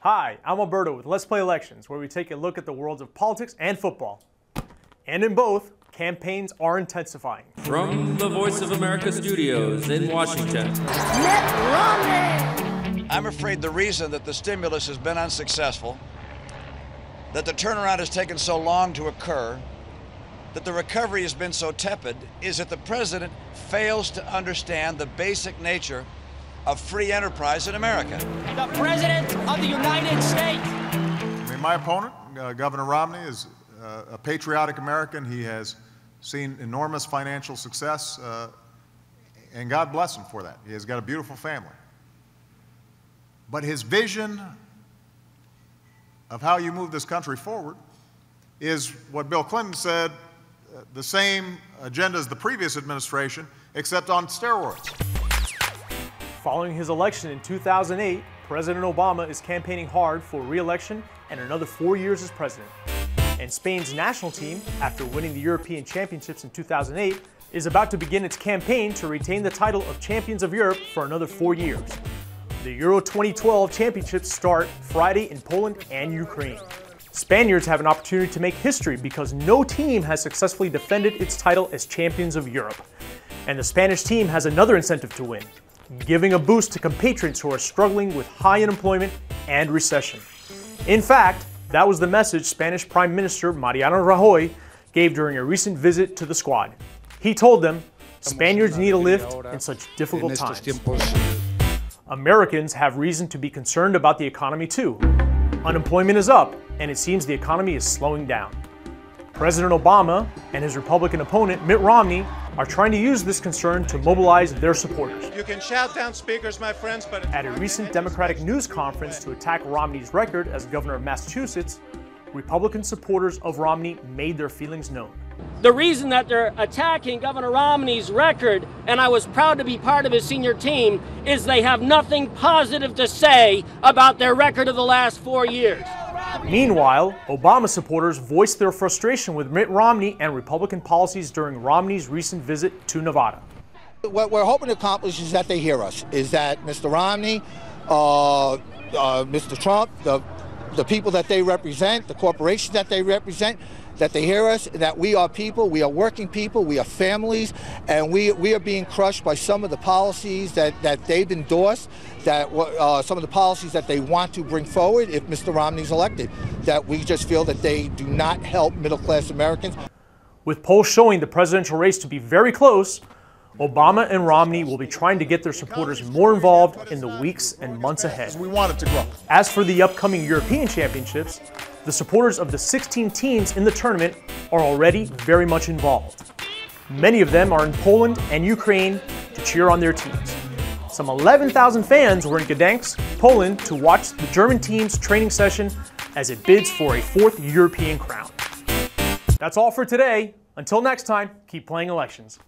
Hi, I'm Alberto with Let's Play Elections, where we take a look at the worlds of politics and football. And in both, campaigns are intensifying. From the Voice of America studios in Washington, Mitt Romney! I'm afraid the reason that the stimulus has been unsuccessful, that the turnaround has taken so long to occur, that the recovery has been so tepid, is that the president fails to understand the basic nature of free enterprise in America. The President of the United States. I mean, my opponent, uh, Governor Romney, is uh, a patriotic American. He has seen enormous financial success, uh, and God bless him for that. He has got a beautiful family. But his vision of how you move this country forward is what Bill Clinton said uh, the same agenda as the previous administration, except on steroids. Following his election in 2008, President Obama is campaigning hard for re-election and another four years as president. And Spain's national team, after winning the European Championships in 2008, is about to begin its campaign to retain the title of Champions of Europe for another four years. The Euro 2012 Championships start Friday in Poland and Ukraine. Spaniards have an opportunity to make history because no team has successfully defended its title as Champions of Europe. And the Spanish team has another incentive to win giving a boost to compatriots who are struggling with high unemployment and recession. In fact, that was the message Spanish Prime Minister Mariano Rajoy gave during a recent visit to the squad. He told them, Spaniards need a lift in such difficult times. Americans have reason to be concerned about the economy too. Unemployment is up, and it seems the economy is slowing down. President Obama and his Republican opponent, Mitt Romney, are trying to use this concern to mobilize their supporters. You can shout down speakers, my friends, but... At a recent Democratic news conference to attack Romney's record as governor of Massachusetts, Republican supporters of Romney made their feelings known. The reason that they're attacking Governor Romney's record, and I was proud to be part of his senior team, is they have nothing positive to say about their record of the last four years. Meanwhile, Obama supporters voiced their frustration with Mitt Romney and Republican policies during Romney's recent visit to Nevada. What we're hoping to accomplish is that they hear us, is that Mr. Romney, uh, uh, Mr. Trump, the, the people that they represent, the corporations that they represent, that they hear us, that we are people, we are working people, we are families, and we, we are being crushed by some of the policies that, that they've endorsed, that uh, some of the policies that they want to bring forward if Mr. Romney's elected, that we just feel that they do not help middle class Americans. With polls showing the presidential race to be very close, Obama and Romney will be trying to get their supporters more involved in the weeks and months ahead. We want it to grow. As for the upcoming European Championships, the supporters of the 16 teams in the tournament are already very much involved. Many of them are in Poland and Ukraine to cheer on their teams. Some 11,000 fans were in Gdansk, Poland to watch the German team's training session as it bids for a fourth European crown. That's all for today. Until next time, keep playing elections.